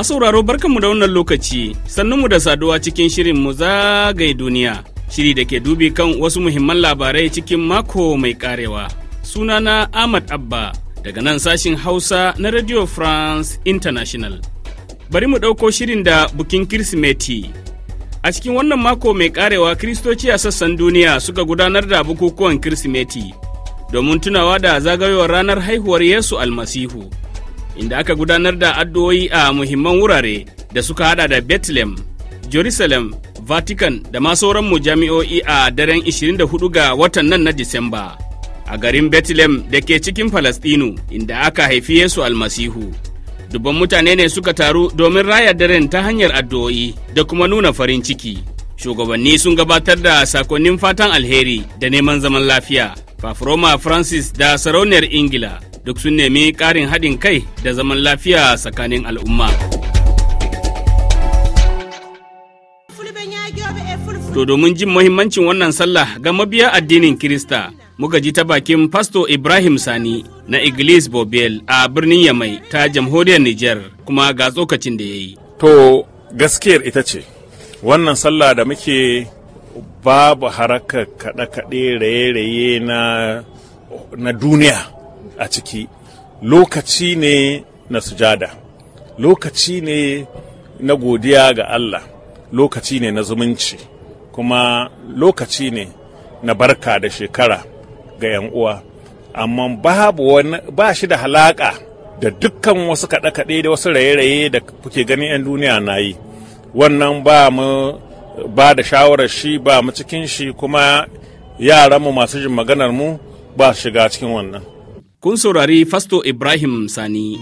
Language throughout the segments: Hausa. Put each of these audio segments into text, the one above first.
Masu sauraro barkanmu da wannan lokaci, sannunmu da saduwa cikin shirin mu zagaye duniya, shiri da ke dubi kan wasu muhimman labarai cikin mako mai karewa. na Ahmad Abba daga nan sashin Hausa na Radio France International. Bari mu ɗauko shirin da bukin Kirsimeti. A cikin wannan mako mai karewa Kiristoci a sassan duniya suka gudanar da bukukuwan Kirsimeti domin tunawa da zagayowar ranar haihuwar Yesu Almasihu. inda aka gudanar da addu'o'i a muhimman wurare da suka hada da Bethlehem, Jerusalem, Vatican da ma sauran mu jami'o'i a daren 24 ga watan nan na Disamba. A garin Bethlehem da ke cikin Falastinu inda aka haifi Yesu almasihu. Dubban mutane ne suka taru domin raya daren ta hanyar addu'o'i da kuma nuna farin ciki. Shugabanni sun gabatar da sakonnin fatan alheri da neman zaman lafiya. Fafroma Francis da sarauniyar Ingila duk sun nemi ƙarin haɗin kai da zaman lafiya tsakanin al'umma. To domin jin muhimmancin wannan sallah ga mabiya addinin Kirista, muka ji ta bakin Pasto Ibrahim Sani na Iglis Bobel a birnin Yamai ta jamhuriyar Nijar kuma ga tsokacin da ya yi. To gaskiyar ita ce, wannan sallah da muke babu harakar kaɗe-kaɗe raye-raye na duniya. a ciki lokaci ne na sujada lokaci ne na godiya ga Allah lokaci ne na zumunci kuma lokaci ne na barka da shekara ga 'yan uwa amma babu wani ba shi da halaka da dukkan wasu kaɗe-kaɗe da wasu raye-raye da kuke ganin 'yan duniya na yi wannan ba mu ba da shawarar shi ba mu cikin shi kuma yaran yaranmu masu jin maganar mu ba shiga cikin wannan Kun saurari Fasto Ibrahim Sani.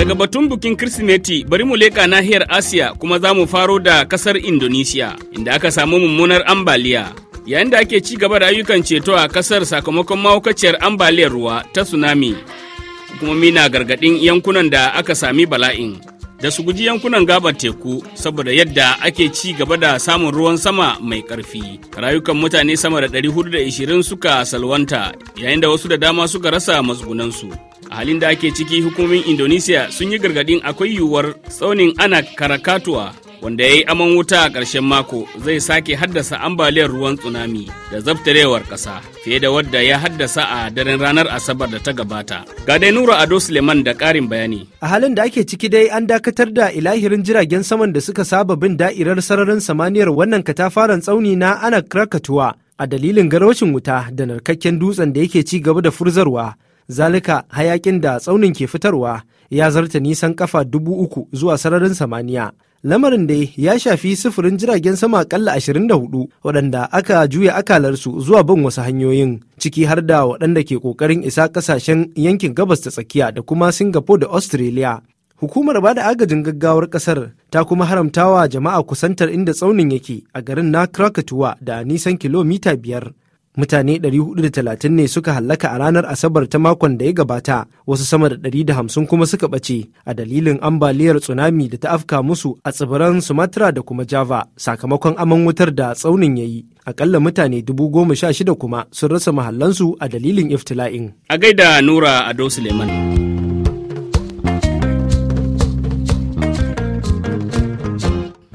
Daga batun bukin Kirsimeti bari mu leƙa nahiyar Asiya kuma za mu faro da ƙasar Indonesia inda aka samu mummunar ambaliya. Yayin da ake ci gaba da ayyukan ceto a ƙasar sakamakon mahaukaciyar ambaliyar ruwa ta tsunami. Hukumomi na gargaɗin yankunan da aka sami bala'in. da su guji yankunan gabar teku saboda yadda ake ci gaba da samun ruwan sama mai ƙarfi. Rayukan mutane sama da 420 suka salwanta yayin da wasu da dama suka rasa matsugunansu. A halin da ake ciki hukumomin Indonesia sun yi gargadin akwai yiwuwar tsaunin ana karakatuwa. wanda ya yi aman wuta a ƙarshen mako zai sake haddasa ambaliyar ruwan tsunami da zabtarewar ƙasa fiye da wadda ya haddasa a daren ranar asabar da ta gabata ga dai nura ado suleiman da ƙarin bayani a halin da ake ciki dai an dakatar da ilahirin jiragen saman da suka saba bin da'irar sararin samaniyar wannan katafaren tsauni na ana krakatuwa a dalilin garaucin wuta da narkakken dutsen da yake ci gaba da furzarwa zalika hayakin da tsaunin ke fitarwa ya zarta nisan kafa dubu uku zuwa sararin samaniya Lamarin dai ya shafi sufurin jiragen sama akalla 24 waɗanda aka juya akalarsu zuwa bin wasu hanyoyin ciki har da waɗanda ke ƙoƙarin isa ƙasashen yankin gabas ta tsakiya da kuma Singapore da Australia. Hukumar ba da agajin gaggawar ƙasar ta kuma haramtawa jama'a kusantar inda tsaunin yake a garin na Krakatuwa da nisan kilomita biyar. mutane 430 ne suka hallaka a ranar asabar ta makon da ya gabata wasu sama da 150 kuma suka ɓace a dalilin ambaliyar tsunami da ta afka musu a tsibiran sumatra da kuma java sakamakon aman wutar da tsaunin ya yi akalla mutane 16,000 kuma sun rasa mahallansu a dalilin iftila'in a gaida nura ado suleiman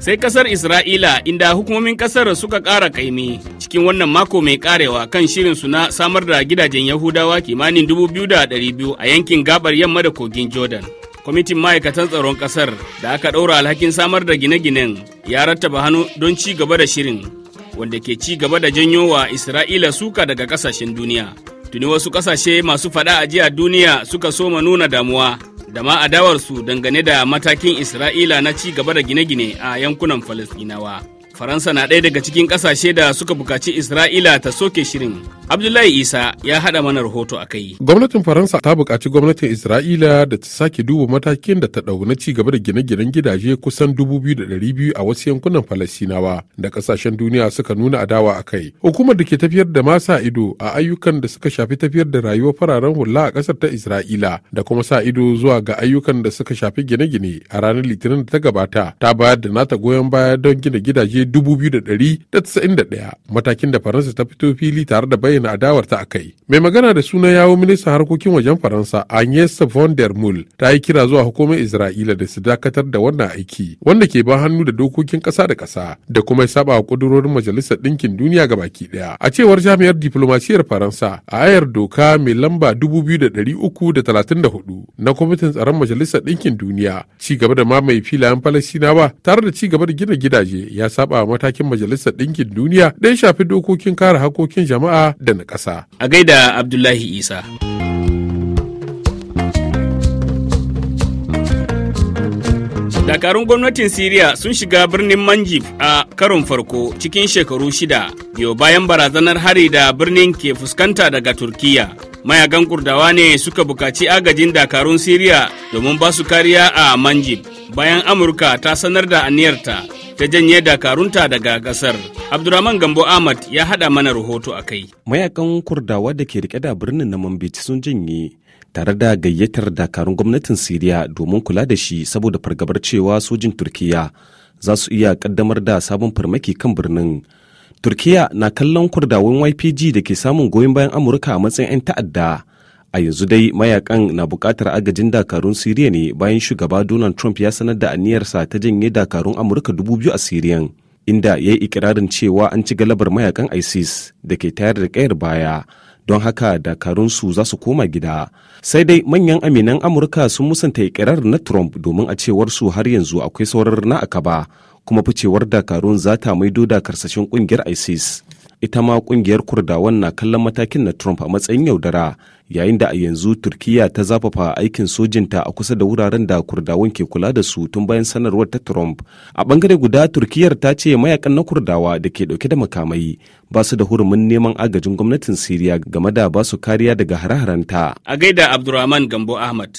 sai kasar Isra'ila inda hukumomin kasar suka ƙara kaimi cikin wannan mako mai karewa kan shirinsu na samar da gidajen Yahudawa kimanin dubu biyu da biyu a yankin gabar yamma da kogin Jordan. Kwamitin ma'aikatan tsaron kasar da aka ɗaura alhakin samar da gine-ginen ya rattaba hannu don ci gaba da shirin wanda ke ci gaba da janyo wa Isra'ila suka daga kasashen duniya. Tuni wasu kasashe masu faɗa a jiya duniya suka soma nuna damuwa da ma adawarsu dangane da matakin Isra'ila na ci gaba da gine-gine a yankunan Falasɗinawa. Faransa na ɗaya daga cikin ƙasashe da suka bukaci Isra'ila ta soke shirin. Abdullahi Isa ya haɗa mana rahoto a kai. Gwamnatin Faransa ta bukaci gwamnatin Isra'ila da ta sake duba matakin da ta ɗau na ci gaba da gine-ginen gidaje kusan biyu a wasu yankunan Falasinawa da ƙasashen duniya suka nuna adawa a kai. Hukumar da ke tafiyar da masa ido a ayyukan da suka shafi tafiyar da rayuwar fararen hula a ƙasar ta Isra'ila da kuma sa ido zuwa ga ayyukan da suka shafi gine-gine a ranar Litinin da ta gabata ta bayar da nata goyon baya don gina gidaje 2,191 matakin da faransa ta fito fili tare da bayyana adawarta a kai mai magana da suna yawo ministan harkokin wajen faransa agnes von der mul ta yi kira zuwa hukumar isra'ila da su dakatar da wannan aiki wanda ke ba hannu da dokokin kasa da kasa da kuma saba wa kudurorin majalisar ɗinkin duniya ga baki daya a cewar jami'ar diplomasiyar faransa a ayar doka mai lamba 2334 na kwamitin tsaron majalisar ɗinkin duniya ci gaba da mamaye filayen falasinawa tare da ci gaba da gina gidaje ya saba saba matakin majalisar ɗinkin duniya don shafi dokokin kare hakokin jama'a da na ƙasa. A gaida Abdullahi Isa. dakarun gwamnatin siriya sun shiga birnin manjib a karon farko cikin shekaru shida biyo bayan barazanar hari da birnin ke fuskanta daga turkiya mayagan kurdawa ne suka bukaci agajin dakarun siriya domin ba su kariya a manjib bayan amurka ta sanar da aniyarta ta janye dakarunta daga kasar. Abdurrahman Gambo Ahmad ya hada mana rahoto a kai. Mayakan Kurdawa da ke rike da birnin na Mambit sun janye tare da gayyatar dakarun gwamnatin Siriya domin kula da shi saboda fargabar cewa sojin Turkiya za su iya kaddamar da sabon farmaki kan birnin. Turkiya na kallon kurdawan YPG da ke samun goyon bayan Amurka a matsayin 'yan ta'adda. a yanzu dai mayakan na bukatar agajin dakarun siriya ne bayan shugaba donald trump ya sanar da aniyarsa ta janye dakarun amurka dubu biyu a siriyan inda ya yi ikirarin cewa an ci galabar mayakan isis da ke tayar da kayar baya don haka dakarunsu za su koma gida sai dai manyan aminan amurka sun musanta ikirarin na trump domin a cewar su har yanzu akwai saurar na akaba kuma ficewar dakarun za ta maido da karsashin kungiyar isis ita ma kungiyar kurdawan na kallon matakin na trump a matsayin yaudara yayin da a yanzu turkiya ta zafafa aikin sojinta a kusa da wuraren da kurdawan ke kula da su tun bayan sanarwar ta trump a bangare guda turkiyar ta ce mayakan na kurdawa da ke dauke da makamai ba su da hurumin neman agajin gwamnatin siriya game da ba su kariya daga hare-harenta a gaida abdurrahman gambo ahmad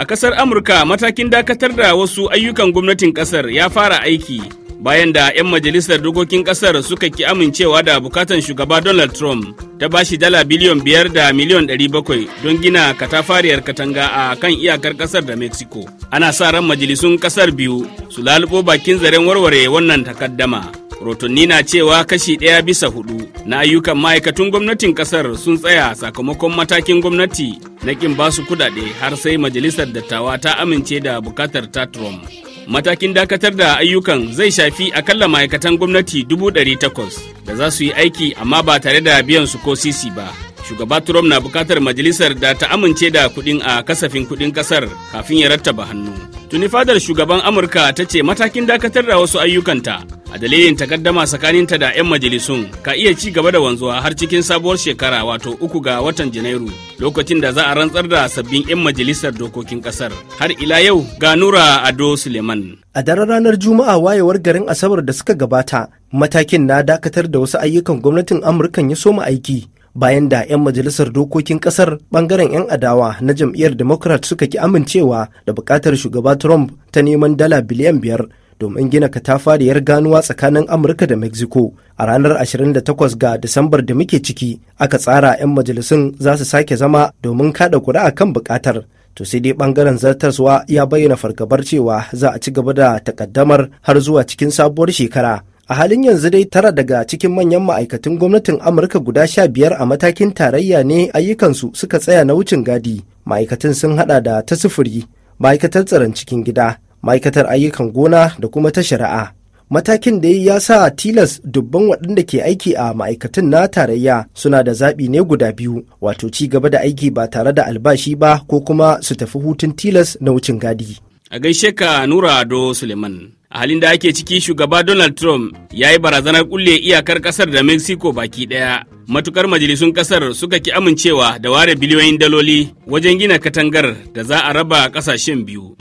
a kasar amurka matakin dakatar da wasu ayyukan gwamnatin kasar ya fara aiki bayan da 'yan majalisar dokokin kasar suka ki amincewa da bukatan shugaba donald trump ta bashi dala biliyon biyar da miliyon ɗari bakwai don gina katafariyar katanga a kan iyakar kasar da mexico ana sa ran majalisun kasar biyu su lalubo bakin zaren warware wannan takaddama rotonni na cewa kashi ɗaya bisa hudu na ayyukan ma'aikatun gwamnatin kasar sun tsaya sakamakon matakin gwamnati na kin basu kudade har sai majalisar dattawa ta amince da bukatar ta trump Matakin dakatar da ayyukan zai shafi akalla ma'aikatan gwamnati 800 da za su yi aiki amma ba tare da biyan su ko sisi ba. shugaba trump na bukatar majalisar da ta amince da kudin a kasafin kudin kasar kafin ya rattaba hannu tuni fadar shugaban amurka ta ce matakin dakatar da wasu ayyukanta a dalilin takaddama tsakaninta da 'yan majalisun ka iya ci gaba da wanzuwa har cikin sabuwar shekara wato uku ga watan janairu lokacin da za a rantsar da sabbin 'yan majalisar dokokin kasar har ila yau ga nura ado suleiman a daren ranar juma'a wayewar garin asabar da suka gabata matakin na dakatar da wasu ayyukan gwamnatin amurkan ya soma aiki bayan da 'yan majalisar dokokin kasar bangaren 'yan adawa na jam'iyyar democrat suka ki amincewa da bukatar shugaba trump ta neman dala biliyan biyar domin gina katafariyar ganuwa tsakanin amurka da mexico a ranar 28 ga disambar da muke ciki aka tsara 'yan majalisun za su sake zama domin kada kuri'a kan bukatar to sai dai bangaren zartaswa ya bayyana fargabar cewa za a ci gaba da takaddamar har zuwa cikin sabuwar shekara A halin yanzu dai tara daga cikin manyan ma'aikatan gwamnatin Amurka guda sha biyar a matakin tarayya ne ayyukansu suka tsaya na wucin gadi. Ma'aikatan sun hada da ta sufuri, ma'aikatar tsaron cikin gida, ma'aikatar ayyukan gona da kuma ta shari'a. Matakin da ya sa tilas dubban waɗanda ke aiki a ma'aikatan na tarayya suna da zaɓi ne guda biyu, wato ci gaba da aiki ba tare da albashi ba ko kuma su tafi hutun tilas na wucin gadi. A gaishe ka Nura Ado Suleiman. a halin da ake ciki shugaba donald trump ya yi barazanar kulle iyakar kasar da mexico baki daya matukar majalisun kasar suka ki amincewa da ware biliyoyin daloli wajen gina katangar da za a raba kasashen biyu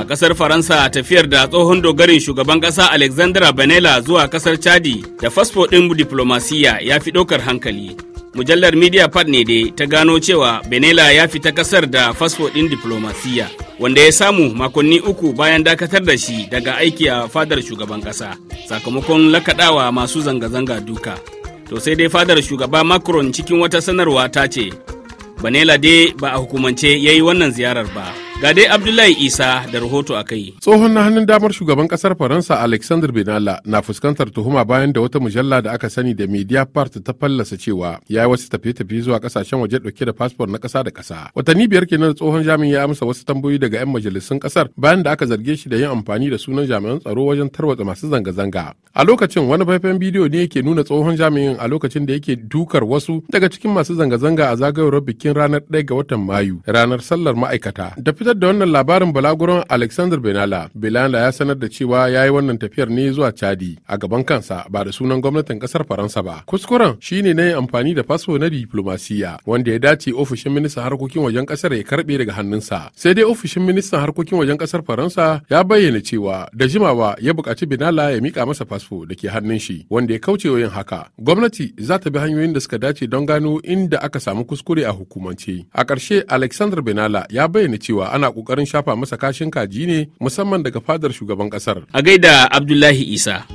a kasar faransa tafiyar da tsohon dogarin shugaban kasa alexandra benela zuwa kasar chadi da fasfo ɗin diplomasiya ya fi ɗaukar hankali mujallar media pad ne dai ta gano cewa benela ya fita kasar da fasfo ɗin diplomasiya wanda ya samu makonni uku bayan dakatar da shi daga aiki a fadar shugaban ƙasa sakamakon lakaɗawa masu zanga-zanga duka to sai dai fadar shugaba macron cikin wata sanarwa ta ce benela dai ba a hukumance ya yi wannan ziyarar ba Ga dai Abdullahi Isa da rahoto a kai. Tsohon na hannun damar shugaban kasar Faransa Alexander Benalla na fuskantar tuhuma bayan da wata mujalla da aka sani da Media Part ta fallasa cewa ya yi wasu tafiye-tafiye zuwa kasashen waje dauke da fasfor na kasa da kasa. Watanni biyar kenan tsohon jami'in ya amsa wasu tambayoyi daga 'yan majalisun kasar bayan da aka zarge shi da yin amfani da sunan jami'an tsaro wajen tarwatsa masu zanga-zanga. A lokacin wani faifan bidiyo ne yake nuna tsohon jami'in a lokacin da yake dukar wasu daga cikin masu zanga-zanga a zagayowar bikin ranar 1 ga watan Mayu, ranar sallar ma'aikata. Da gabatar da wannan labarin balaguron Alexander Benala, Benala ya sanar da cewa ya yi wannan tafiyar ne zuwa Chadi a gaban kansa ba da sunan gwamnatin kasar Faransa ba. Kuskuren shi ne na yi amfani da fasfo na diplomasiya wanda ya dace ofishin ministan harkokin wajen kasar ya karbe daga hannunsa. Sai dai ofishin ministan harkokin wajen kasar Faransa ya bayyana cewa da jimawa ya buƙaci Benala ya mika masa fasfo da ke hannun shi wanda ya kauce yin haka. Gwamnati za ta bi hanyoyin da suka dace don gano inda aka samu kuskure a hukumance. A ƙarshe Alexander Benala ya bayyana cewa ana ƙoƙarin shafa masa kashin kaji ne musamman daga fadar shugaban ƙasar. A gaida Abdullahi Isa.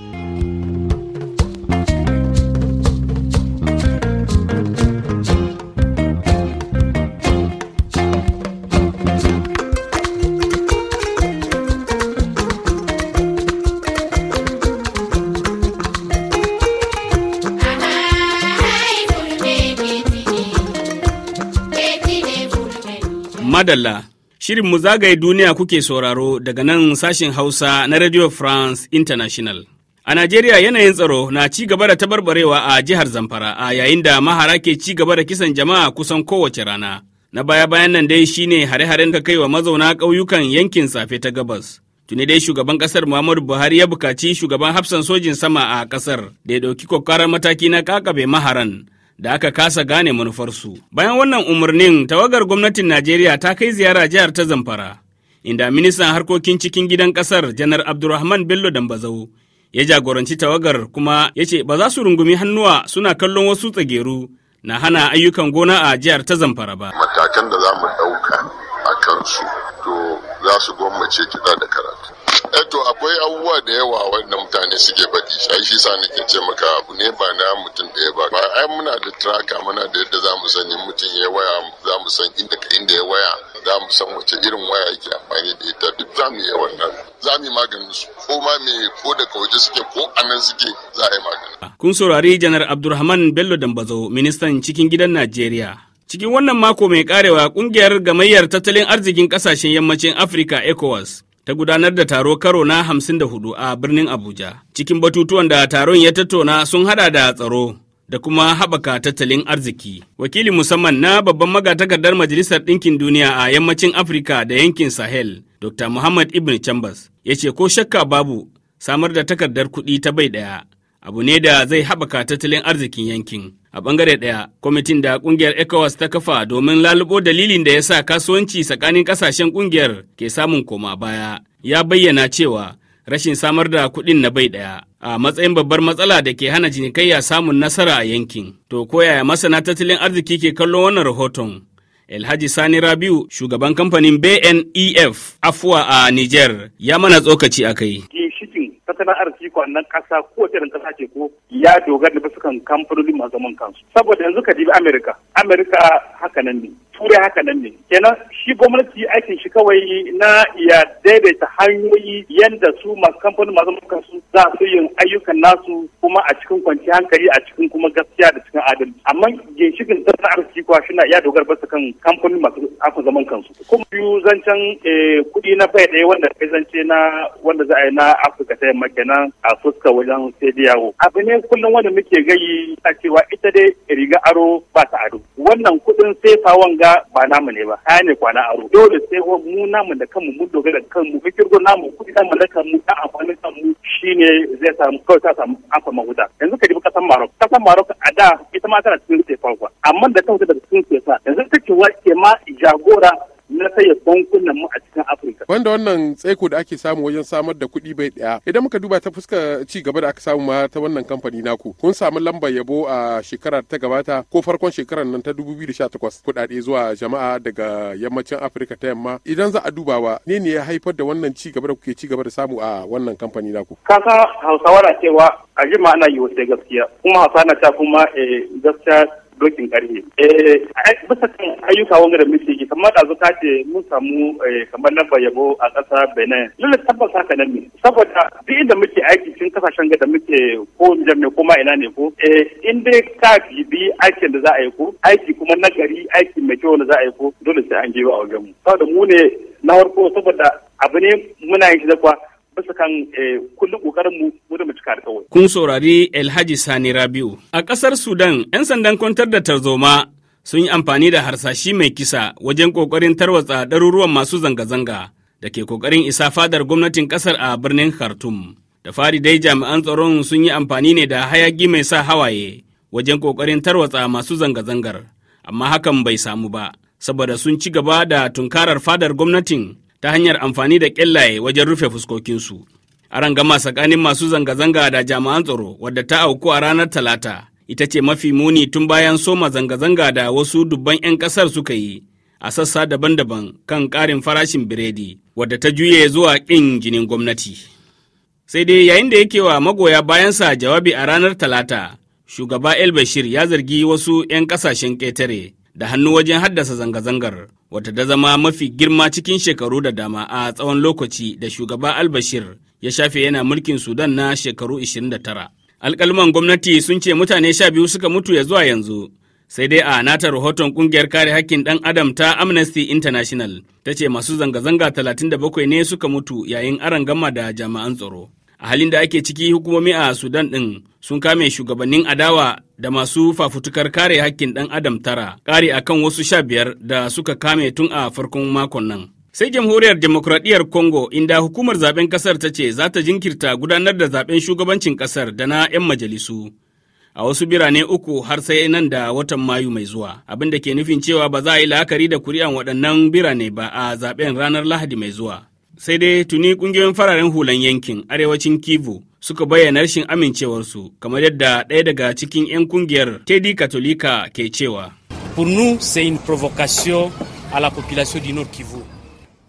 madalla Shirin mu zagaye duniya kuke sauraro daga nan sashen Hausa na Radio France International. A Najeriya yanayin tsaro na ci gaba da tabarbarewa a jihar Zamfara a yayin da mahara ke ci gaba da kisan jama'a kusan kowace rana. Na baya-bayan nan dai shine hare-haren da kai wa mazauna ƙauyukan yankin safe ta gabas. Tuni dai shugaban ƙasar Muhammadu Buhari ya bukaci shugaban hafsan sojin sama a ƙasar da ya ɗauki kwakwarar mataki na ƙaƙabe maharan da aka kasa gane manufarsu. Bayan wannan umarnin tawagar gwamnatin Najeriya ta kai ziyara jihar ta Zamfara, inda ministan harkokin cikin gidan kasar janar Abdulrahman Bello Dambazau ya jagoranci tawagar kuma ya ce ba za su rungumi hannuwa suna kallon wasu tsageru na hana ayyukan gona a jihar ta Zamfara ba. Matakan da za mu ɗauka a kansu to za su gwammace kiɗa da karatu. eto eh, akwai abubuwa da yawa wanda mutane suke baki shi shi sa nake ce maka abu ne ba na mutum da ba ba ai muna da traka muna da yadda za mu sani mutum ya waya za mu san inda inda ya waya za mu san wace irin waya yake amfani da ita duk za mu yi wannan za mu yi maganin su ko ma me ko daga waje suke ko anan suke za a yi maganin. Ah, kun saurari janar abdulrahman bello dambazo ministan cikin gidan najeriya cikin wannan mako mai karewa kungiyar gamayyar tattalin arzikin kasashen yammacin afirka ecowas ta gudanar da taro karo na 54 a birnin Abuja. Cikin batutuwan da taron ya tattauna sun hada da tsaro da kuma haɓaka tattalin arziki. Wakili musamman na babban magatakardar Majalisar Ɗinkin Duniya a yammacin Afirka da yankin Sahel, Dr. Muhammad Ibn Chambers, ya ce ko shakka babu samar da takardar kuɗi ta bai ɗaya abu ne da zai haɓaka tattalin arzikin yankin. A bangare ɗaya, kwamitin da ƙungiyar ECOWAS ta kafa domin lalubo dalilin da ya sa kasuwanci tsakanin ƙasashen ƙungiyar ke samun koma baya, ya bayyana cewa rashin samar da kuɗin na bai ɗaya a matsayin babbar matsala da ke hana jinikayya samun nasara a yankin. To koyaya masana tattalin arziki ke kallon wannan rahoton? Alhaji Sani Rabiu, shugaban kamfanin BNEF Afwa a Niger, ya mana tsokaci a kai. tattalin arziki ko nan kasa ko irin kasa ce ko ya dogara da bisa kan kamfanoni masu zaman kansu saboda yanzu ka dibi amerika amerika haka nan ne turai haka nan ne kenan shi gwamnati aikin shi kawai na ya daidaita hanyoyi yadda su masu kamfanin masu mulkan za su yin ayyukan nasu kuma a cikin kwanci hankali a cikin kuma gaskiya da cikin adalci amma ginshikin tattalin arziki kuwa shi na iya dogara basu kan kamfanin masu aka zaman kansu kuma biyu zancen eh, kuɗi na bai ɗaya wanda kai zance na wanda za a yi na afirka ta yamma kenan a fuska wajen sai yawo abu ne kullum wanda muke gayi a cewa ita dai riga aro ba ta ado wannan kuɗin sefawan ga ba namu ne ba haya ne kwana aro dole sai ko mu namu da kanmu mu dogara da kanmu mu kirgo namu kudi da mallakar mu da amfanin kanmu shine zai samu kawai ta samu amfa mahuda yanzu ka dubi kasar Marok kasar Marok a da ita ma tana cikin rufe farko amma da ta wuce daga cikin kesa yanzu take wace ma jagora na tsaye bankunan mu a cikin Afirka. Wanda wannan tsaiko da ake samu wajen samar da kuɗi bai ɗaya. Idan muka duba ta fuska ci gaba da aka samu ma ta wannan kamfani naku. Kun samu lambar yabo a shekara ta gabata ko farkon shekarar nan ta 2018 kuɗaɗe zuwa jama'a daga yammacin Afirka ta yamma. Idan za a dubawa ne ne ya haifar da wannan ci gaba da kuke ci gaba da samu a wannan kamfani naku. kaka Hausawa na cewa a ma ana yi wata gaskiya kuma Hausawa na ta kuma eh, gaskiya dokin karhe. Eh, bisa ayyuka wanga da muke yi kamar ɗazu ta ce mun samu eh, kamar na yabo a ƙasa benin lalle tabbas haka nan ne saboda duk inda muke aiki cikin kasashen gada muke ko jam ne ko ma ina ne ko eh, in dai ka bi aikin da za a yi ko aiki kuma na gari aiki mai kyau da za a yi ko dole sai an je a wajen mu saboda mu ne na farko saboda abu ne muna yin shi da kuwa bisa kan eh, kullum kokarin mu mu da mu cika alƙawari. Kun saurari Elhaji Sani Rabiu. A ƙasar Sudan, 'yan sandan kwantar da tarzoma sun yi amfani da harsashi mai kisa wajen ƙoƙarin tarwatsa ɗaruruwan masu zanga-zanga da ke ƙoƙarin isa fadar gwamnatin ƙasar a birnin khartum Da fari dai jami'an tsaron sun yi amfani ne da hayaki mai sa hawaye wajen ƙoƙarin tarwatsa masu zanga-zangar, amma hakan bai samu ba, saboda sun ci gaba da tunkarar fadar gwamnatin ta hanyar amfani da ƙyallaye wajen rufe fuskokinsu. ran gama tsakanin masu zanga-zanga da jami'an tsaro wadda ta auku a ranar Talata ita ce mafi muni tun bayan soma zanga-zanga da wasu dubban 'yan kasar suka yi a sassa daban-daban kan ƙarin farashin biredi wadda ta juye zuwa ƙin jinin gwamnati. Sai dai yayin da yake wa magoya bayansa jawabi a ranar Talata, shugaba El Bashir ya zargi wasu 'yan ƙasashen ƙetare da hannu wajen haddasa zanga-zangar wata da zama mafi girma cikin shekaru da dama a tsawon lokaci da shugaba Al Bashir ya shafe yana mulkin Sudan na shekaru 29. alkalman gwamnati sun ce mutane sha biyu suka mutu ya zuwa yanzu sai dai a nata rahoton ƙungiyar kare hakkin ɗan adam ta amnesty international ta ce masu zanga-zanga 37 ne suka mutu yayin aron gama da jama'an tsaro a halin da ake ciki hukumomi a sudan ɗin sun kame shugabannin adawa da masu fafutukar kare hakkin ɗan adam tara ƙari akan wasu sha biyar da suka kame tun a farkon makon nan Sai jamhuriyar demokradiyyar Congo inda hukumar zaben kasar ta ce za ta jinkirta gudanar da zaben shugabancin kasar da na 'yan majalisu. A wasu birane uku har sai nan da watan Mayu mai zuwa, abin da ke nufin cewa ba za a yi la'akari da kuri'an waɗannan birane ba a zaben ranar Lahadi mai zuwa. Sai dai tuni ƙungiyoyin fararen hulan yankin arewacin Kivu suka bayyana rashin amincewarsu kamar yadda ɗaya daga cikin 'yan ƙungiyar Teddy Katolika ke cewa. Pour nous, c'est une provocation à la population du Nord Kivu.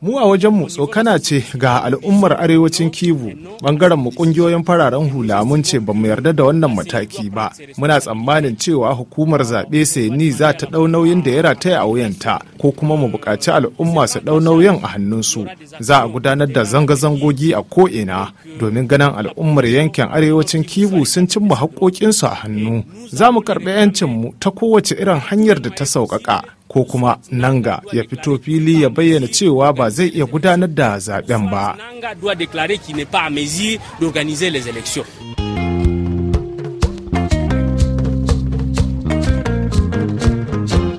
mu a wajenmu tsokana ce ga al'ummar arewacin kivu bangaren mu kungiyoyin fararen hula mun ce ba mu yarda da wannan mataki ba muna tsammanin cewa hukumar zaɓe seni za ta ɗau nauyin da ya rataya a wuyanta ko kuma mu buƙaci al'umma su ɗau nauyin a hannunsu za a gudanar da zanga-zangogi a ko'ina domin ganin al'ummar yankin arewacin kivu sun cimma haƙoƙinsu a hannu za mu karɓi 'yancinmu ta kowace irin hanyar da ta sauƙaƙa ko kuma nanga ya fito fili ya bayyana cewa ba zai iya gudanar da zaben ba.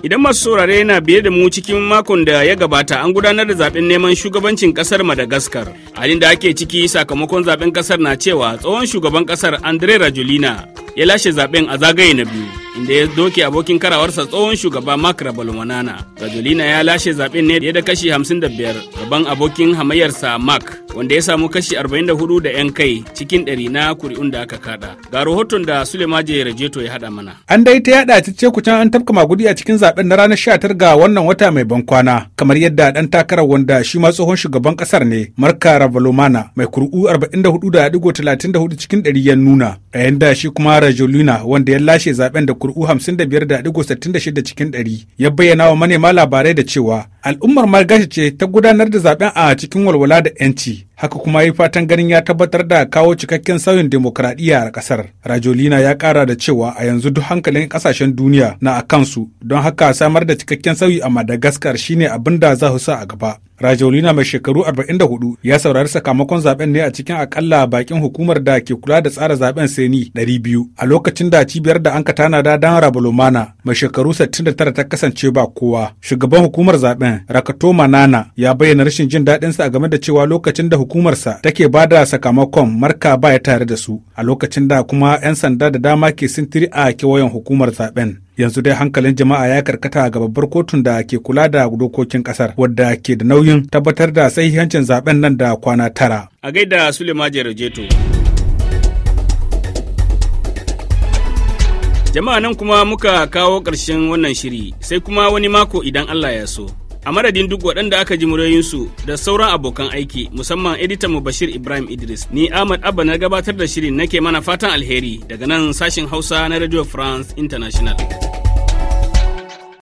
Idan masu saurare na biye da mu cikin makon da ya gabata an gudanar da zaben neman shugabancin kasar Madagaskar. Halin da ake ciki sakamakon zaben kasar na cewa tsohon shugaban kasar Andre Rajolina ya lashe zaben a zagaye na biyu. inda ya doke abokin karawarsa tsohon shugaba Mark Rabalomanana. Gajolina ya lashe zaɓen ne fiye da kashi 55 gaban abokin hamayyarsa Mark wanda ya samu kashi 44 da 'yan kai cikin ɗari na kuri'un da aka kada. Ga rahoton da Sulemaje Rajeto ya haɗa mana. An dai ta yaɗa ce kucan an tafka magudi a cikin zaɓen na ranar 19 ga wannan wata mai ban kwana. kamar yadda ɗan takarar wanda shi ma tsohon shugaban ƙasar ne Marka Rabalomana mai kuri'u 34 cikin ɗari ya nuna a yanda shi kuma Rajolina wanda ya lashe zaɓen da kuri'u 55.66 cikin 100 ya bayyana wa manema labarai da cewa al'ummar malgashi ce ta gudanar da zaben a cikin walwala da 'yanci haka kuma yi fatan ganin ya tabbatar da kawo cikakken sauyin demokradiyya a kasar rajolina ya kara da cewa a yanzu duk hankalin kasashen duniya na a kansu don haka samar da cikakken sauyi a madagascar shine abin da za su sa a gaba rajolina mai shekaru 44 ya saurari sakamakon zaben ne a cikin akalla bakin hukumar da ke kula da tsara zaben seni 200 a lokacin da cibiyar da an anka tanada don rabalomana mai shekaru 69 ta kasance ba kowa shugaban hukumar zaben kenan rakatoma nana ya bayyana rashin jin daɗinsa a game da cewa lokacin da hukumarsa take ba da sakamakon marka baya tare da su a lokacin da kuma 'yan sanda da dama ke sintiri a kewayen hukumar zaben yanzu dai hankalin jama'a ya karkata ga babbar kotun da ke kula da dokokin kasar wadda ke da nauyin tabbatar da sai sahihancin zaben nan da kwana tara a gaida sulema jeto jama'a nan kuma muka kawo ƙarshen wannan shiri sai kuma wani mako idan allah ya so a madadin duk waɗanda aka ji murayinsu da sauran abokan aiki musamman editan mu bashir ibrahim idris ni ahmad abba na gabatar da shirin nake mana fatan alheri daga nan sashin hausa na radio france international